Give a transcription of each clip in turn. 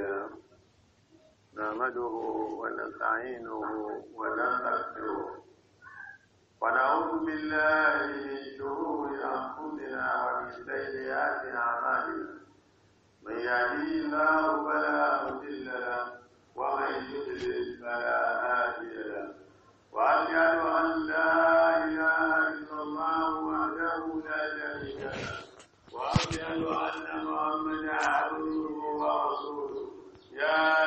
نعمده نحمده ونستعينه ونستغفره ونعوذ بالله من شرور انفسنا ومن سيئات اعمالنا من يهديه الله فلا مضل له ومن يضلل فلا هادي له واشهد ان لا اله الا الله وحده لا شريك له واشهد ان محمدا Yeah.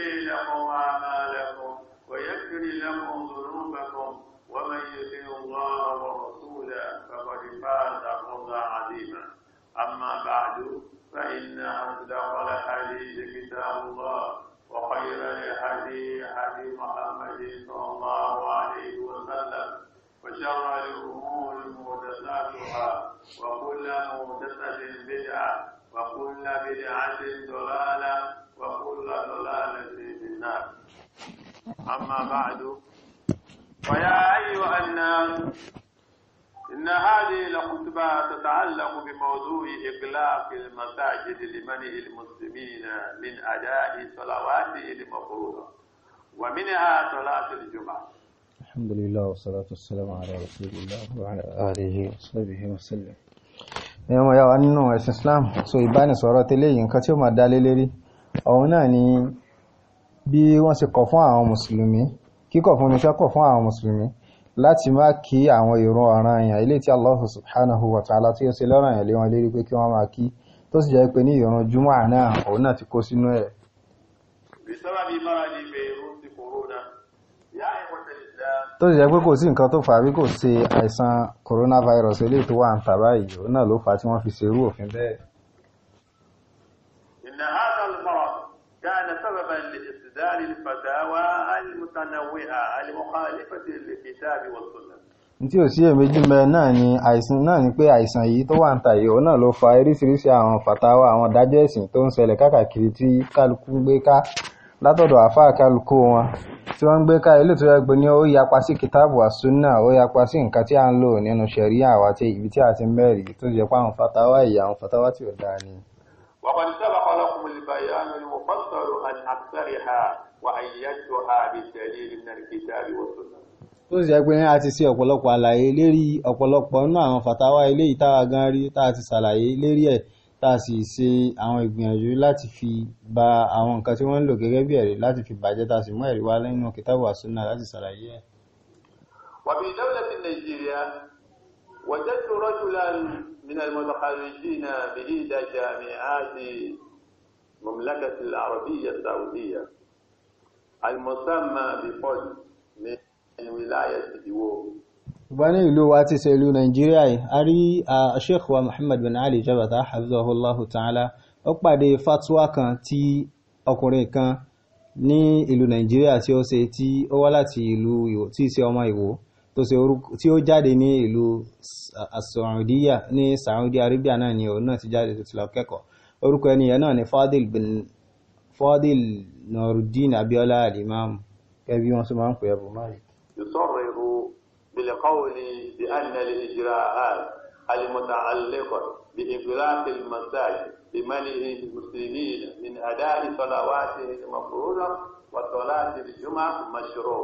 يصلي لكم أعمالكم ويغفر لكم ذنوبكم ومن يطع الله ورسوله فقد فاز فوزا عظيما أما بعد فإن أصدق الحديث كتاب الله وخير الهدي هدي محمد صلى الله عليه وسلم وشر الأمور مهدساتها وكل مهدسة بدعة وكل بدعة ضلالة وكل ضلالة في النار أما بعد فيا أيها الناس إن هذه الخطبة تتعلق بموضوع إغلاق المساجد لمنع المسلمين من أداء صلواته المفروضة ومنها صلاة الجمعة الحمد لله والصلاة والسلام على رسول الله وعلى آله وصحبه وسلم ẹ̀wọ̀n ya wa nínú ẹ̀sìn Islam so ìbánisọ̀rọ̀ tẹ́lẹ̀ yìí nǹkan tí ó máa dá lé lérí ọ̀hún náà ni bí wọ́n ṣe kọ̀ fún àwọn mùsùlùmí kíkọ̀ fún mi kẹ́kọ̀ fún àwọn mùsùlùmí láti má kí àwọn ìrun ọ̀ranyàn ilé tí Allah subhanahu wa ta'ala tí ó ṣe lọ́ranyàn lé wọn lérí pé kí wọ́n máa kí tó sì jẹ́ pé ní ìrun júmọ́ náà òun náà ti kó sínú ẹ̀. tó sì jẹ́ pé kò sí nǹkan tó fà á bí kò ṣe àìsàn coronavirus eléyìí tó wà ń tà báyìí òun náà ló fà á tí wọ́n fi ṣerú òfin bẹ́ẹ̀. بإصدار الفتاوى المتنوعة المخالفة للكتاب والسنة ntí ò sí èméjì mẹ náà ni àìsàn náà ni pé àìsàn yìí tó wà ń ta yìí òun náà ló fa oríṣiríṣi àwọn fàtàwà àwọn ìdájọ́ ẹ̀sìn tó ń ṣẹlẹ̀ káàkiri tí kálukú ń gbé ká látọ̀dọ̀ àáfàá kálukú wọn tí wọ́n ń gbé ká ilé tó yẹ gbé ní ó yapa sí kìtáàbù àsúnà ó yapa sí nǹkan tí à ń lò nínú ṣẹ̀ríà àwa tí ibi tí a ti mẹ́rìí tó yẹ pé àwọn fàtàwà yìí àwọn fàtàwà tí ò dáa ni. وقد سبق لكم البيان المفصل عن أكثرها وأيدتها بالدليل من الكتاب والسنة tó sì jẹ́ a ti ṣe ọ̀pọ̀lọpọ̀ àlàyé lérí ọ̀pọ̀lọpọ̀ nínú àwọn fàtàwá eléyìí tá gan rí tá a ti ṣàlàyé lérí ẹ̀ tá a sì ṣe àwọn ìgbìyànjú láti fi ba àwọn nǹkan tí wọ́n ń lò gẹ́gẹ́ bí ẹ̀rí láti fi bàjẹ́ tá a sì mú ẹ̀rí wá nínú kìtàbù àsúná láti ṣàlàyé ẹ̀. wàbí ìdáwọ̀lẹ́sìn nàìjíríà وجدت رجلا من المتخرجين بإحدى جامعات المملكة العربية السعودية المسمى بفضل من ولاية ديوه gbani ìlú wa ti ṣe ìlú nàìjíríà yìí a rí sheikh wa muhammad bin ali jabata hafizahullahu ta'ala ó pàdé fatwa kan tí ọkùnrin kan ní ìlú nàìjíríà tí ó ṣe tí ó wá láti ìlú tí ṣe ọmọ ìwò tó ṣe orúkọ tí ó jáde ní ìlú asaudiya ní saudi arabia náà ni òun náà ti jáde tó ti lọ kẹ́kọ̀ọ́ orúkọ ẹni yẹn náà ni fadil bin fadil nurudin abiola alimam kẹbi wọn tún máa ń pè é bò máa yìí. يصرح بالقول بأن الإجراءات المتعلقة بإفراط المساجد بمنع المسلمين من أداء صلواتهم المفروضة وصلاة الجمعة مشروع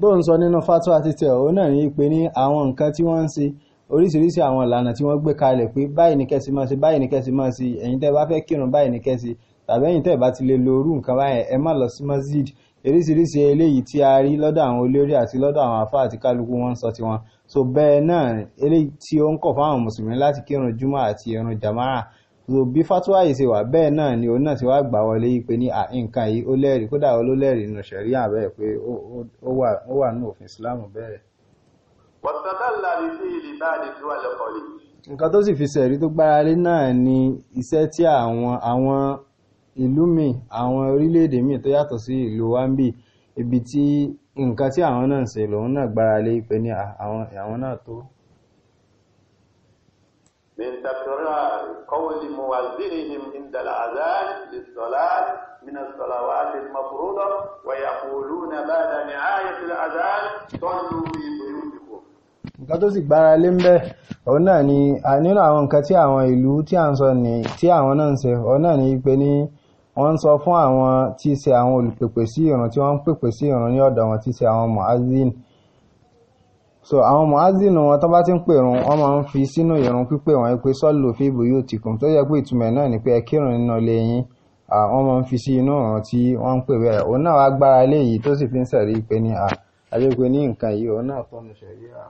tó ń sọ nínú fatwa àti tẹ̀ òun náà ní pé ní àwọn nǹkan tí wọ́n ń ṣe oríṣiríṣi àwọn ìlànà tí wọ́n gbé kalẹ̀ pé báyìí ní kẹ́sì máa ṣe báyìí ní kẹ́sì máa ṣe ẹ̀yin tẹ́ bá fẹ́ kírun báyìí ní kẹ́sì tàbí ẹ̀yin tẹ́ bá ti lè lo orú nǹkan báyẹn ẹ má lọ sí masjid oríṣiríṣi eléyìí tí a rí lọ́dọ̀ àwọn olórí àti lọ́dọ̀ àwọn àfáà àti kálukú wọn ń sọ tiwọn so bẹ́ẹ̀ náà eléyìí tí ó ń kọ̀ fáwọn mùsùlùmí láti kírun júmọ́ àti ìrun jàmáà so bí fatuwa yìí ṣe wà bẹ́ẹ̀ náà ni òun náà ti wá gbà wọlé yìí pé ní nǹkan yìí ó lẹ́rìí kódà ó ló lẹ́rìí nù ṣẹ̀rí àbẹ́ẹ̀ pé ó wà nù òfin Islam bẹ́ẹ̀. wọ́tàdàlà ní sí ìlú báyìí tó wà lọ́kọ̀ọ́lì. nǹkan tó sì fi ṣẹ̀rí tó gbára lé náà ni iṣẹ́ tí àwọn àwọn ìlú míì àwọn orílẹ̀-èdè míì tó yàtọ̀ sí ìlú wambi ibi tí nǹkan tí àwọn náà ń ṣe lòun náà gbára lé pé ní àwọn náà tó من تكرار قول مؤذنهم عند الأذان للصلاة من الصلوات المفروضة ويقولون بعد نهاية الأذان صلوا في بيوتكم nǹkan tó sì gbára lé ń bẹ́ òun náà ni nínú àwọn nǹkan tí àwọn ìlú tí à ń sọ ní tí àwọn náà ń ṣe òun náà ni pé ní wọ́n ń sọ fún àwọn tí ṣe àwọn olùpèpè sí ìrun tí wọ́n ń pèpè sí ìrun ní ọ̀dọ̀ wọn tí ṣe àwọn muazzin so àwọn muazinu wọn tó bá ti ń pèrun wọn máa ń fi sínú ìrun pípè wọn pé sọ́ọ̀lù fíìbù yóò ti kùn tó yẹ pé ìtumọ̀ náà ni pé ẹ kírun nínú ilé yín wọ́n máa ń fi sí inú ọ̀ràn tí wọ́n ń pè bẹ́ẹ̀ òun náà wá gbára lé yìí tó sì fi ń sẹ̀rí pé ní à àdéhùn ní nǹkan yìí òun náà tó ń ṣẹ̀rí à.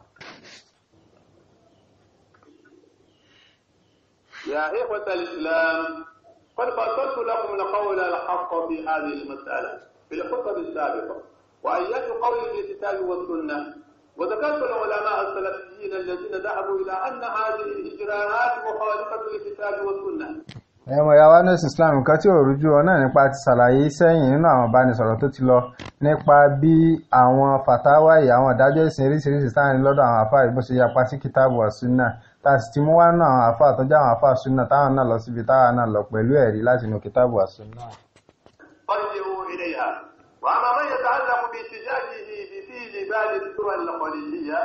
يا إخوة الإسلام قد فصلت لكم القول الحق في هذه المسألة في الخطبة السابقة وأية قول في الكتاب والسنة وذكرت العلماء السلفيين الذين ذهبوا إلى أن هذه الإجراءات مخالفة للكتاب والسنة ẹ̀mọ̀ ìyàwó nurse islam nǹkan tí ò rújú ọ náà nípa ti ṣàlàyé sẹ́yìn nínú àwọn ìbánisọ̀rọ̀ tó ti lọ nípa bí àwọn fàtáwà yìí àwọn ìdájọ́ ìsìn oríṣiríṣi sáàrin lọ́dọ̀ àwọn àfáà yìí bó ṣe yapa sí kìtàbù àsúnà tá a sì ti mú wá náà àwọn àfáà tó àwọn àfáà súnà táwọn náà lọ síbi táwọn náà lọ pẹ̀lú ẹ̀rí láti inú kìtàbù àsúnà. ọ وأما من يتعلق باحتجاجه بفي جبال السور الخليجية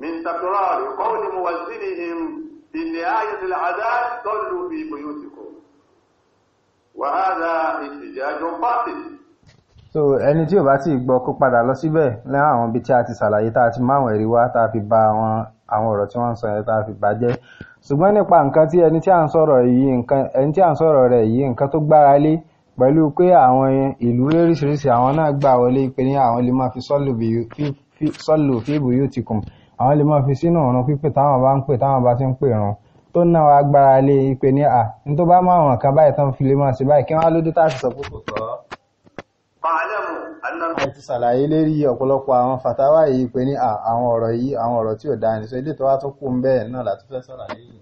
من تكرار قول موزنهم في نهاية العذاب صلوا في بيوتكم وهذا اتجاه باطل so ẹni tí ò bá sì gbọ́ kó padà lọ síbẹ̀ lẹ́wọ̀n àwọn ibi tí a ti ṣàlàyé tá a ti máwọn ẹ̀rí wá tá a fi bà àwọn àwọn ọ̀rọ̀ tí wọ́n ń sọ yẹn tá a fi bà ṣùgbọ́n nípa nǹkan tí ẹni tí à ń sọ̀rọ̀ rẹ̀ yìí nǹkan tó gbára lé pẹ̀lú pé àwọn ìlú lóríṣiríṣi àwọn náà gbà wọlé pé ní àwọn lè máa fi sọ́ọ̀lù fíìbù yóò ti kùn àwọn lè máa fi sínú ọ̀run pípè táwọn bá ń pè táwọn bá ti ń pè run tó ná wa agbára lé e pé ní à ní tó bá mọ àwọn kan báyìí tán fi lè máa ṣe báyìí kí wọ́n á lójú tá a sì sọ pé kò tọ́. ẹ ti ṣàlàyé lérí ọ̀pọ̀lọpọ̀ àwọn fàtàwà yìí pé ní àwọn ọ̀rọ̀ yìí àwọn ọ̀rọ̀ tí ò dáa ní sọ ilé tó wá tó kù ń bẹ́ẹ̀ náà láti fẹ́ sọ̀rọ̀ lẹ́yìn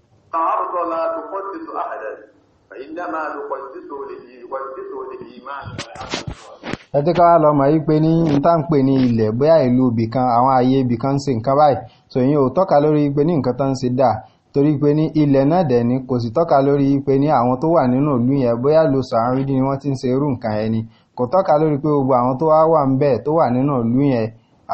fàyíndàmà lùkọ̀ títò lè di ìwọ̀ títò lè di máa ń lọ ẹ tí ká wá lọ mọ̀ yí pé ní níta ń pè ní ilẹ̀ bóyá ìlú ibì kan àwọn ààyè ibì kan ń ṣe nǹkan báyìí tó yín ò tọ́ka lórí pé ní nǹkan tó ń ṣe dáa torí pé ní ilẹ̀ náà dẹ̀ ni kò sì tọ́ka lórí pé ní àwọn tó wà nínú ìlú yẹn bóyá lo sàárín ni wọ́n ti ń ṣe irú nǹkan yẹn ni kò tọ́ka lórí pé gbogbo àwọn tó wá wà ń bẹ̀ tó wà nínú ìlú yẹn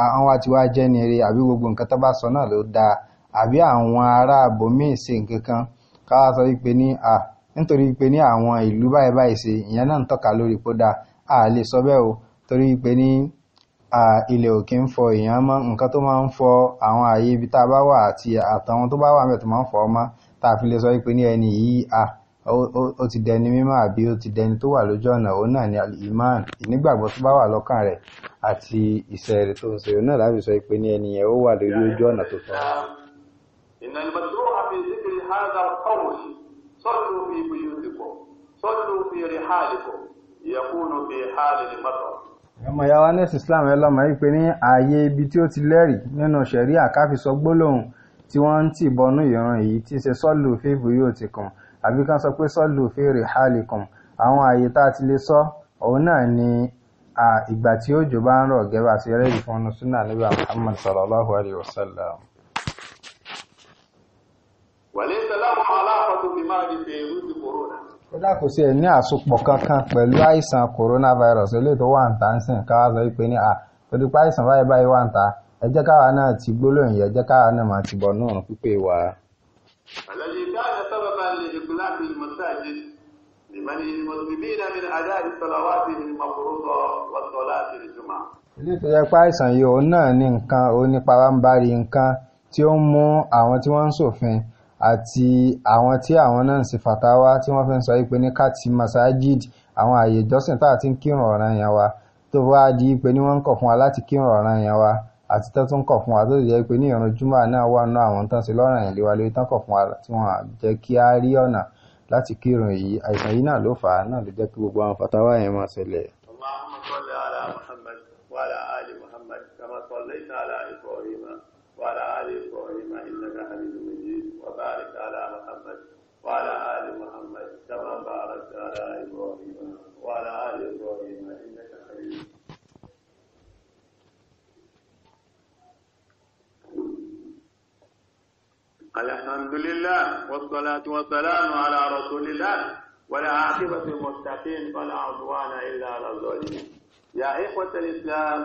àwọn wa ti wá jẹ́ ni eré àbí gbogbo nǹkan tó bá sọ náà ló dáa àbí àwọn ará àbòmíì ṣe nǹkan káwá sọ wípé ní à nítorí pé ní àwọn ìlú báyìí báyìí ṣe ìyẹn náà ń tọ́ka lórí pó dáa a lè sọ bẹ́ẹ̀ o torí pé ní ilẹ̀ òkè ń fọ èèyàn mọ́ nǹkan tó máa ń fọ àwọn ààyè ibi tá a bá wà àti àtàwọn tó bá wà mẹ́ẹ̀ tó máa ń fọ ọmọ tá a fi lè sọ pé ní ẹni yìí a ó ti dẹni mímọ́ àbí ó ti dẹni tó wà lójú ọ̀nà òun náà ni iman ìnígbàgbọ́ tó bá wà lọ́kàn rẹ̀ àti iṣẹ́ rẹ̀ tó ń ṣe òun náà láti sọ pé ní ẹni yẹn ó wà lórí ojú ọ̀nà tó tọ́. ìnànìmọ̀ tó wà fi صلوا في بيوتكم صلوا في رحالكم يكون في حال المطر ọmọ ìyá wa nẹ́ẹ̀sì islam ẹ lọ́mọ yìí pé ní ààyè ibi tí ó ti lẹ́rìí nínú ṣẹ̀rí àkáfisọ gbólóhùn tí wọ́n ń tì bọnú ìran èyí tí í ṣe sọ́ọ̀lù fíìbù yóò ti kàn àbí kan sọ pé sọ́ọ̀lù fèrè hàlì kan àwọn ààyè tá a ti lè sọ òun náà ni ìgbà tí òjò bá ń rọ̀ gẹ́gẹ́ bá ti rẹ́yìn fún súnà níbi Muhammad sallallahu alayhi wa sallam. kódà kò sí ẹ̀ ní àsopọ̀ kankan pẹ̀lú àìsàn coronavirus eléyìí tó wà ń ta ń sìn káwá sọ wípé ní à torí pé àìsàn báyìí báyìí wà ń ta ẹ jẹ́ káwa náà ti gbólóyìn ẹ jẹ́ káwa náà máa ti bọ̀ náà pípé wa. àlàyé káàdà sábà máa ń lè dìgbò láti ìmọ̀ sáàjì ìmọ̀lẹ́ ìmọ̀lẹ́bí ìdámi àdá ìsọ̀làwátì ìmọ̀kòrókọ̀ wọ́sọ̀ láti ìjùmọ̀. ilé tó yẹ pé àìsàn yìí òun náà ní nǹkan onípawámbárì nǹkan tí ó ń mú àwọn tí wọ́n ń ṣòfin àti àwọn tí àwọn náà ń ṣe fàtáwá tí wọ́n fi ń sọ wípé ní káàtì masajid àwọn àyè ìjọsìn tá a ti ń kírun ọ̀ràn yẹn wa tó bá di pé ní wọ́n ń kọ̀ fún wa láti kírun ọ̀ràn yẹn wa àti tó tún kọ̀ fún wa tó sì jẹ́ pé ní ìrun júmọ́ náà wà ná àwọn tán ṣe lọ́ràn yẹn léwa lórí tán kọ̀ fún wa tí wọ́n jẹ́ kí á rí ọ̀nà láti kírun yìí àìsàn yìí náà ló fà á náà ló jẹ́ kí gbogbo àwọn fàtáwá yẹn máa ṣẹlẹ̀ الحمد لله والصلاة والسلام على رسول الله ولا عاقبة المتقين ولا عدوان إلا على الظالمين يا إخوة الإسلام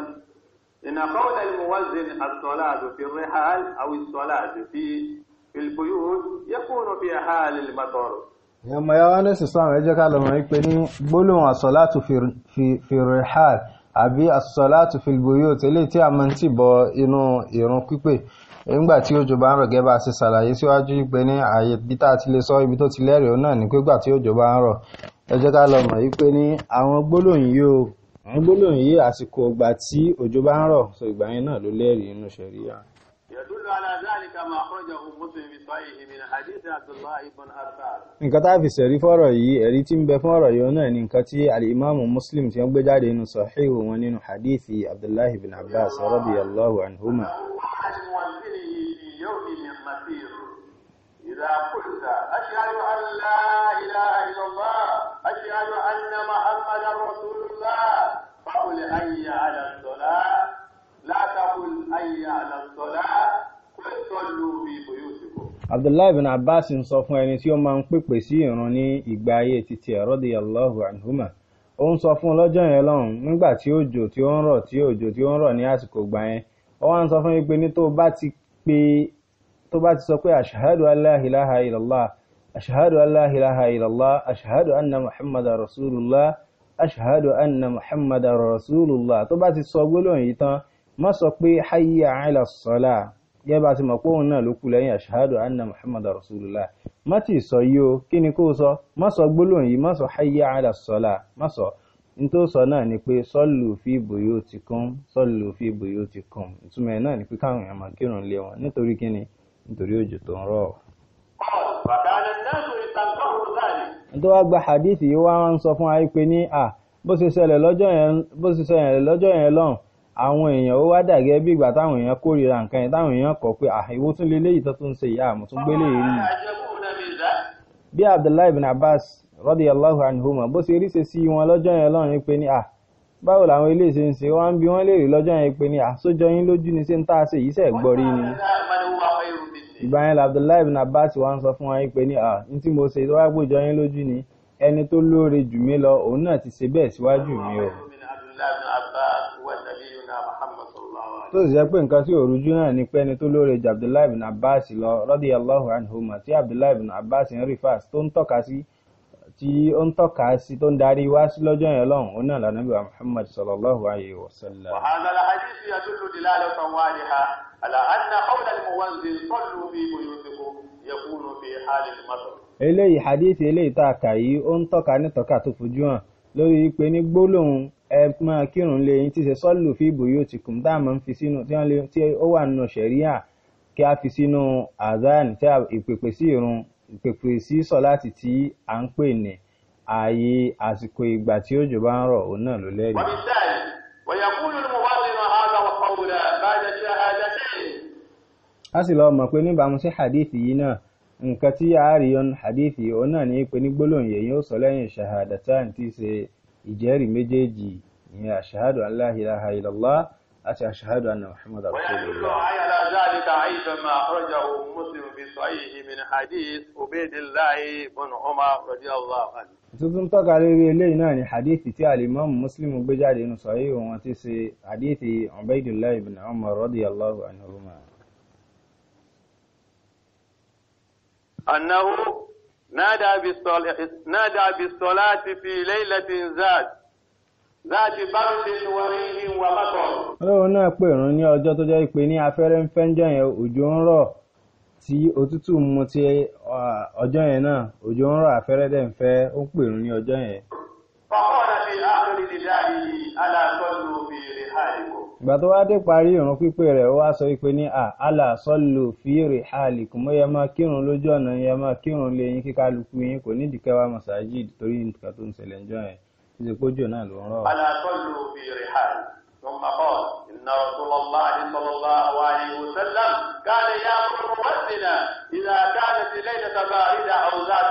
إن قول الموزن الصلاة في الرحال أو الصلاة في في البيوت يكون في حال المطر yọmọ ya wá ní sísan rẹ̀ jẹ́ ká lọ mọ̀ wípé ní gbólóhùn àsọ̀látù fìrìhàl àbí àsọ̀látù fìlbòyò tẹ́lẹ̀ tí a mọ̀ ń tìbọ̀ inú ìrun pípè nígbà tí òjò bá ń rọ̀ gẹ́gẹ́ bá ṣe ṣàlàyé síwájú pé ní ààyè ibi tá a ti lè sọ ibi tó ti lẹ́rìí òun náà ni pé nígbà tí òjò bá ń rọ̀ ẹ jẹ́ ká lọ mọ̀ yí pé ní àwọn gbólóhùn yìí o àwọn gbólóhùn yìí àsìkò ìgbà tí òjò bá ń rọ̀ so ìgbà yẹn náà ló lẹ́rìí inú ṣẹ̀ríà. nǹkan tá a fi sẹ̀rí fọ́rọ̀ yìí ẹ̀rí tí ń bẹ fún ọ̀rọ̀ yìí náà ni nǹkan إذا قلت أشهد أن لا إله إلا الله أشهد أن محمدا رسول الله فقل أي على الصلاة لا تقل أي على الصلاة قل صلوا في بيوتكم Abdullahi bin Abbas ń sọ fún ẹni tí ó máa ń pèpè sí ìran ní ìgbà ayé títí ẹ̀ radiyallahu anhuma ó ń sọ fún lọ́jọ́ yẹn lọ́hùn nígbà tí òjò tí ó ń rọ̀ tí òjò tí ó ń rọ̀ ní àsìkò gbà yẹn ó wá ń sọ fún mi pé ní tó bá ti pe tó bá ti sọ pé ashahadu aláhìláha ìlàlá ashahadu aláhìláha ìlàlá ashahadu anna muhammadar rasulullah ashahadu anna muhammadar rasulullah tó bá ti sọ gbólóhùn yìí tán má sọ pé hayya ala sọlá yẹ bá ti mọ̀ pé òun náà ló kú lẹ́yìn ashahadu anna muhammadar rasulullah má ti sọ yìí o kí ni kó sọ má sọ gbólóhùn yìí má sọ hayya ala sọlá má sọ nítorí sọ náà ni pé sọ́ọ̀lù fi bòyó ti kún sọ́ọ̀lù fi bòyó ti kún ìtumọ̀ náà ni pé káwọn èèyàn máa kírun lé wọn nítorí kí ni nítorí òjò tó ń rọ̀. nítorí wá gba hadith yìí wá ń sọ fún ayé pé ní à bó ṣe ṣẹlẹ̀ lọ́jọ́ yẹn lọ́hùn àwọn èèyàn ó wá dàgẹ́ bí ìgbà táwọn èèyàn kórìíra nǹkan yẹn táwọn èèyàn kọ̀ pé àìwó tún leléyìí tó tún ṣe ìyá àmọ́ tún gbélé rí bí Abdullahi bin Abbas radiyallahu anhuma bó ṣe rí ṣe sí wọn lọ́jọ́ yẹn lọ́hùn pé ní à báwo làwọn ilé ṣe ń ṣe wọn bí wọn léèrè lọ́jọ́ yẹn pé ní àsójọ yín lójú ni ṣé ń tá a ṣe yìí ṣe gbọ́ ni ìgbà yẹn Abdullahi ibn Abbas wa ń sọ fún wọn pé ní à ní tí mo ṣe tó wá gbójọ yín lójú ni ẹni tó lóore jù mí lọ òun náà ti ṣe bẹ́ẹ̀ síwájú mi o. tó sì jẹ́ pé nǹkan tí òrujú náà ni pé ẹni tó lóore jù Abdullahi ibn Abbas lọ radiyallahu anhuma tí Abdullahi ibn Abbas ń rí fàs tó ń tọ́ka sí. Si tí ó ń tọ́ka sí tó ń darí wá sí lọ́jọ́ yẹn lọ́hùn ó náà lànà bíwá muhammad sallallahu alayhi wa sallam. wàhálà alhadisi yadullu dilalatan wadiha ala anna qawla almuwanzil sallu fi buyutikum yakunu fi hali al-matar. eléyìí hadisi eléyìí tá a kà yìí ó ń tọ́ka nítọ́ka tó fojú hàn lórí pé ní gbólóhùn ẹ máa kírun lé yín tí ṣe sallu fi buyutikum tá a máa ń ìpèpè sí sọláàtì tí à ń pè ní ààyè àsìkò ìgbà tí òjò bá ń rọ̀ òun náà ló lẹ́rìí. a sì lọ mọ̀ pé níbàámu sí hadith yìí náà nǹkan tí a rí ọ̀nà hadith òun náà ní pé ní gbólóhùn yẹn yóò sọ lẹ́yìn shahadatan tí ṣe ìjẹ́rìí méjèèjì ìyẹn ashahadu an la àti ashhadu anna muhammadan rasulullah. wọ́n yà lọ dáadéka àìsàn máa rọ́jà ohun muslim fi sọ ayé ìmìn hadith obedillahi ibn umar radiyallahu anhu. tuntun tọ́ka lórí eléyìí náà ni hadith tí alimami muslim gbé jáde nù sọ yìí wọn ti ṣe láti bámidéni wa ní ìhìn wa bàtọ̀. olóhùn náà pè rún ní ọjọ́ tó jẹ́ pé ní afẹ́rẹ́ ń fẹ́ńjọ́ yẹn òjò ń rọ̀ tí òtútù mu ti ọjọ́ yẹn náà òjò ń rọ̀ afẹ́rẹ́ dẹ̀ ń fẹ́ ó pè rún ní ọjọ́ yẹn. ọkọ láti àárín ìdílé àyè aláàtọ́lù fèrè hàlìkò. ìgbà tó wá dé parí ìrún pípé rẹ̀ ó wá sọ pé ní aláàtọ́lù fèrè hàlìkò mo yẹ máa kírun lójú ọ̀nà yẹn máa kírun lé yín kíkálukú yín kò nídìí kẹwàá mọ̀sáájì torí nǹkan tó ń ṣẹlẹ̀ ń jọ yẹn ṣe pójú náà ló ń rọ. alákọ̀lù fi rẹ̀ hà ثم قال إن رسول الله صلى الله عليه وسلم كان يأمر مؤذنا إذا كانت ليلة باردة أو ذات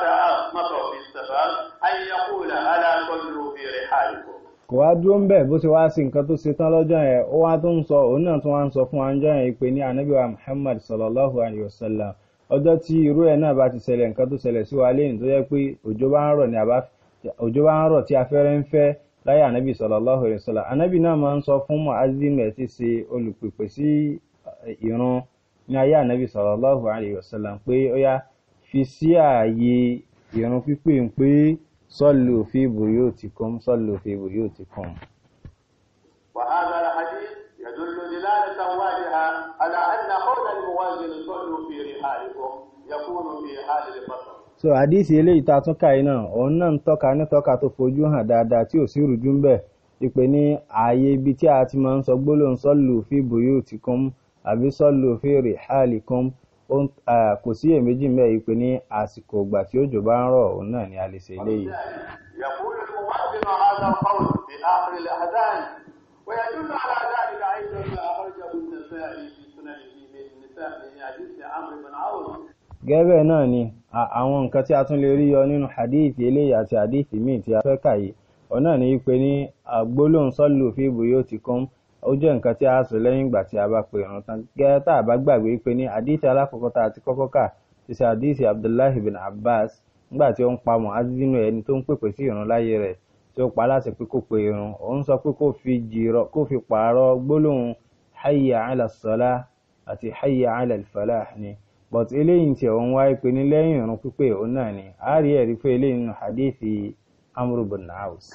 مطر في السفر أن يقول ألا صلوا في رحالكم kò wá dúró ń bẹ̀ bó ti wá sí nǹkan tó ṣe tán lọ́jọ́ yẹn ó wá tó ń sọ òun náà tó wá ń sọ fún wa yẹn ìpè ní anábìwá Muhammad sallallahu alayhi wa sallam ọjọ́ tí irú ẹ̀ náà bá ti ṣẹlẹ̀ nǹkan tó ṣẹlẹ̀ sí wa lẹ́yìn tó yẹ pé òjò bá ń rọ̀ ni àbá òjò bá ń rọ̀ tí afẹ́rẹ́ ń fẹ́ láyé ànábì sallallahu alaihi wasallam ànábì náà máa ń sọ fún muazzin ẹ̀ tí ṣe olùpèpè sí eh, ìrun ní ayé ànábì sallallahu alaihi wasallam pé ó yá fi sí ààyè ìrun pípé ń pé sallu fi buyutikum sallu fi buyutikum. وهذا الحديث يدل دلالة واضحة على أن قول المؤذن صلوا في رحالكم يكون في حال so àdìsí eléyìí tá a tún kà yìí náà òun náà ń tọ́ka nítọ́ka tó fojú hàn dáadáa tí ò sí rújú ń bẹ̀ ìpè ní ààyè ibi tí a ti máa ń sọ gbólóhùn sọ́lù fi buyutikum àbí sọ́lù fi rihalikum kò sí èméjì mẹ́ ìpè ní àsìkò ìgbà tí òjò bá ń rọ̀ òun náà ni a lè ṣe eléyìí. في آخر الأذان ويدل على ذلك أيضا ما أخرجه النسائي في سننه من حديث عمرو بن عوف gẹ́gẹ́ náà ni àwọn nǹkan tí a tún lè rí yọ nínú hadithi eléyìí àti hadithi míì tí a fẹ́ kà yìí òun náà ni pé ní gbólóhùn sọ́lù fi buyutikum ó jẹ́ nǹkan tí a sọ lẹ́yìn ìgbà tí a bá pe ìrun tán gẹ́gẹ́ tá a bá gbàgbé pé ní hadithi alákọ̀ọ́kọ́ tá a ti kọ́kọ́ kà ti ṣe hadithi abdullahi bin abbas nígbà tí ó ń pa mu'adhdhin ẹni tó ń pèpè sí ìrun láyé rẹ̀ tí ó pa láti pé kó pe ìrun òun sọ pé kó fi jìrọ kó fi pààrọ̀ gbólóhùn hayya ala àti hayya ala ni but eléyìí tí òun wá ìpè ní lẹ́yìn ìrun pípé òun náà ni a rí ẹ̀rí pé eléyìí nínú hadithi amru bin naus.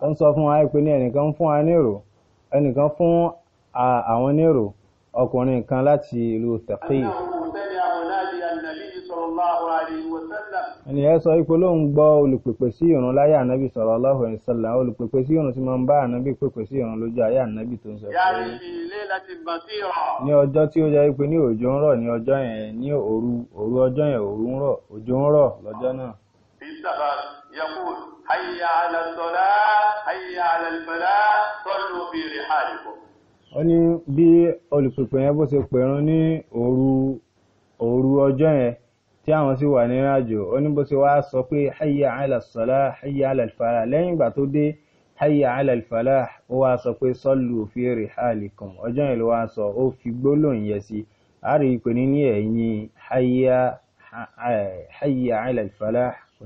ó ń sọ fún wa ìpè ní ẹnìkan fún wa nírò ẹnìkan fún àwọn nírò ọkùnrin kan láti ìlú taqif. ènìyàn sọ wípé ló ń gbọ́ olùpèpè sí ìrun láyé ànábì sallallahu alaihi wasallam olùpèpè sí ìrun tí máa ń bá ànábì pèpè sí ìrun lójú ayé ànábì tó ń sọ pé ní ọjọ́ tí ó jẹ́ wípé ní òjò ń rọ̀ ní ọjọ́ yẹn ní òru òru ọjọ́ yẹn òru ń rọ̀ òjò ń rọ̀ lọ́jọ́ náà. hayya ala salah hayya ala falah sallu fi rihalikum. ó ní bí olùpèpè yẹn bó ṣe pèrún ní òru òru ọjọ́ yẹn tí àwọn sì wà nínú àjò ó ní bó ṣe wá sọ pé hayya ala salah hayya ala falah lẹ́yìn ìgbà tó dé hayya ala falah ó wá sọ pé sallu fi rihalikum ọjọ́ yẹn ló wá sọ ó fi gbólóhùn yẹn sí a rí i pé níní ẹ̀yìn hayya hayya ala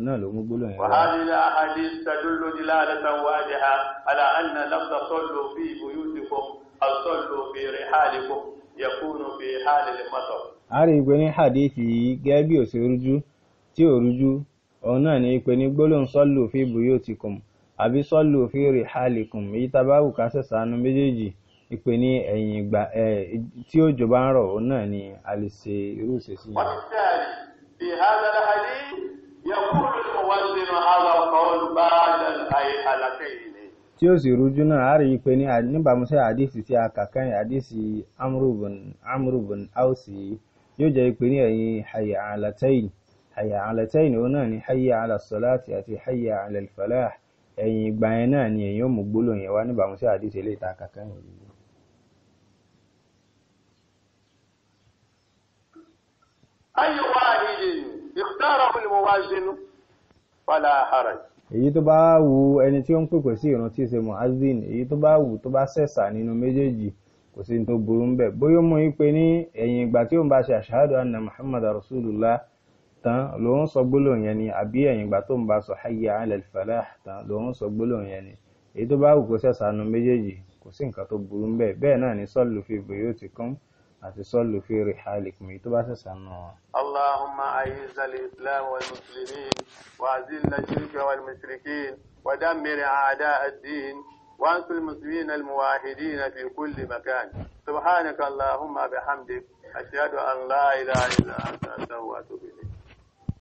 náà ló mú gbólóhùn yẹn. wàhálì láhàdí tadullu dilalatan wadiha ala anna lafza sallu fi buyutikum aw sallu fi rihalikum yakunu fi hali matar. a rí i pé ní hadithi yìí gẹ́gẹ́ bí òsè rújú tí ò rújú òun náà ní pé ní gbólóhùn sọ́lù fi buyutikum àbí sọ́lù fi rihalikum èyí tá a bá wù ká sẹ̀sánú méjèèjì ìpè ní ẹ̀yìn ìgbà tí òjò bá ń rọ̀ òun náà ni a lè ṣe irú ìṣesí. wọ́n ti sẹ́ẹ̀lì fi hàdà hadith yakunu al-muwazzin hàdà kọ́ọ̀lù bá àlàkẹ́yìn tí ó sì rújú náà a rí i pé níbàámu sí àdìsí tí a kà kẹ́yìn àdìsí amúrùbùn áùsì yóò jẹ́ pé ní ẹ̀yìn hayya alátẹ́yìn hayya alátẹ́yìn òun náà ni hayya alásọ́láàtì àti hayya alẹ́lfàlá ẹ̀yìn ìgbà yẹn náà ni èyí ò mú yẹn wá níbàámu sí àdìsí eléyìí tá a kà أي واحد اختاره الموازن فلا حرج èyí tó bá wù ẹni tí ó ń pèpè sí ìran tí ṣe muazzin èyí tó bá wù tó bá ṣẹ̀ṣà nínú méjèèjì kò sí tó burú ń bẹ̀ bóyá mú i pé ní ẹ̀yìn ìgbà tí òun bá ṣe ashhadu anna muhammad rasulullah tán ló ń sọ gbólóhùn yẹn ni àbí ẹ̀yìn ìgbà tó ń bá sọ hayya ala falah tán ló ń sọ gbólóhùn yẹn ni èyí tó bá wù kó ṣẹ̀ṣà nínú méjèèjì kò sí nǹkan tó burú ń bẹ̀ bẹ́ẹ̀ náà ni sallu fi buyutikum àti sọ́lù fi rí halikum tó bá sẹ̀sà nù wọn. Allahumma ayiza al-islam wal muslimin wa azilla shirka wal mushrikin wa dammir a'da ad-din wa ansu al-muslimin al-muwahidin fi kulli makan subhanaka Allahumma bihamdik ashhadu an la ilaha illa anta astaghfiruka wa atubu ilayk